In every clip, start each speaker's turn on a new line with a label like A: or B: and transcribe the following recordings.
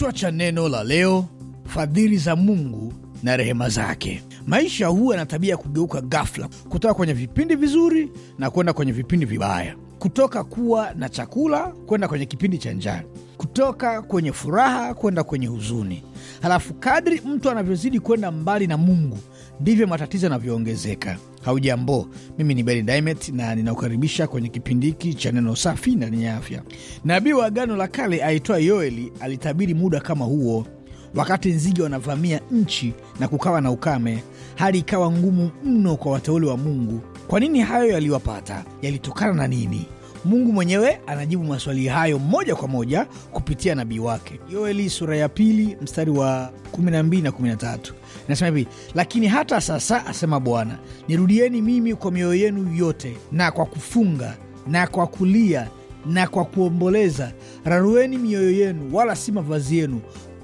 A: Kichwa cha neno la leo: fadhili za Mungu na rehema zake. Maisha huwa na tabia ya kugeuka ghafla kutoka kwenye vipindi vizuri na kwenda kwenye vipindi vibaya, kutoka kuwa na chakula kwenda kwenye kipindi cha njaa, kutoka kwenye furaha kwenda kwenye huzuni. Halafu kadri mtu anavyozidi kwenda mbali na Mungu ndivyo matatizo yanavyoongezeka. Haujambo, mimi ni Beni Dimet na ninakukaribisha kwenye kipindi hiki cha neno safi na lenye afya. Nabii wa Agano la Kale aitwa Yoeli alitabiri muda kama huo, wakati nzige wanavamia nchi na kukawa na ukame, hali ikawa ngumu mno kwa wateule wa Mungu. Kwa nini hayo yaliwapata? Yalitokana na nini? Mungu mwenyewe anajibu maswali hayo moja kwa moja kupitia nabii wake. Yoeli sura ya pili mstari wa 12 na 13 inasema hivi: lakini hata sasa, asema Bwana, nirudieni mimi kwa mioyo yenu yote na kwa kufunga na kwa kulia na kwa kuomboleza. Rarueni mioyo yenu, wala si mavazi yenu,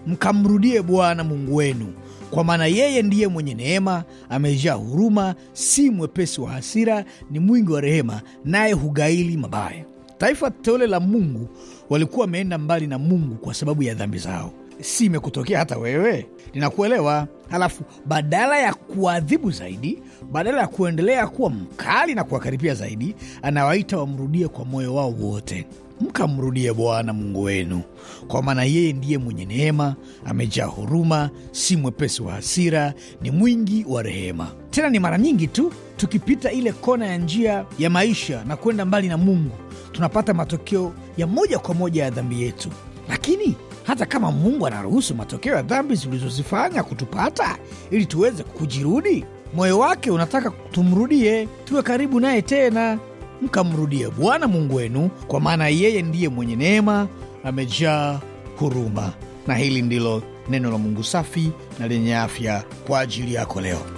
A: mkamrudie Bwana Mungu wenu, kwa maana yeye ndiye mwenye neema, amejaa huruma, si mwepesi wa hasira, ni mwingi wa rehema, naye hugaili mabaya. Taifa teule la Mungu walikuwa wameenda mbali na Mungu kwa sababu ya dhambi zao si imekutokea hata wewe, ninakuelewa. Halafu badala ya kuadhibu zaidi, badala ya kuendelea kuwa mkali na kuwakaribia zaidi, anawaita wamrudie kwa moyo wao wote. Mkamrudie Bwana Mungu wenu, kwa maana yeye ndiye mwenye neema, amejaa huruma, si mwepesi wa hasira, ni mwingi wa rehema. Tena ni mara nyingi tu tukipita ile kona ya njia ya maisha na kwenda mbali na Mungu, tunapata matokeo ya moja kwa moja ya dhambi yetu, lakini hata kama Mungu anaruhusu matokeo ya dhambi zilizozifanya kutupata ili tuweze kujirudi. Moyo wake unataka tumrudie, tuwe karibu naye tena. Mkamrudie Bwana Mungu wenu, kwa maana yeye ndiye mwenye neema, amejaa huruma. Na hili ndilo neno la Mungu safi na lenye afya kwa ajili yako leo.